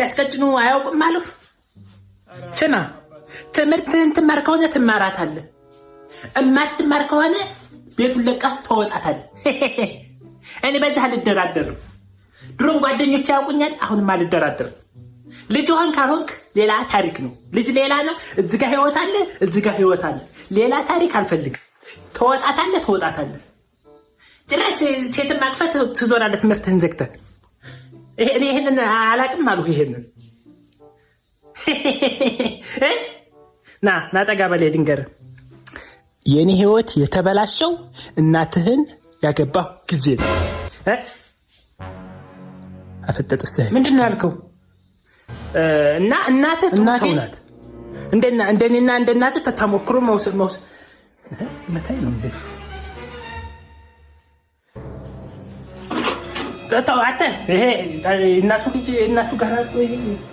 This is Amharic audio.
ቀስቀጭኑ አያውቁም አያውቅም ስማ ትምህርትህን ትማር ከሆነ ትማራታለህ፣ እማትማር ከሆነ ቤቱን ለቃ ተወጣታል እኔ በዚህ አልደራደርም። ድሮም ጓደኞች ያውቁኛል፣ አሁንም አልደራደርም። ልጅ ሆን ካልሆንክ ሌላ ታሪክ ነው። ልጅ ሌላ ነው። እዚጋ ህይወት አለ፣ እዚጋ ህይወት አለ። ሌላ ታሪክ አልፈልግም። ተወጣታለህ፣ ተወጣታለህ። ጭራሽ ሴትን ማቅፈት ትዞራለህ ትምህርትህን ዘግተህ እኔ ይህንን አላቅም አሉ። ይሄንን ና ናጠጋ በላይ ልንገርህ፣ የእኔ ህይወት የተበላሸው እናትህን ያገባሁ ጊዜ ነው። አፈጠጥ ምንድን ነው ያልከው? እና እናት እናትህ ናት። እንደና እንደኔና እንደናትህ ተሞክሮ መውሰድ መውሰድ መታይ ነው તો વાત એ na tu na tu ganas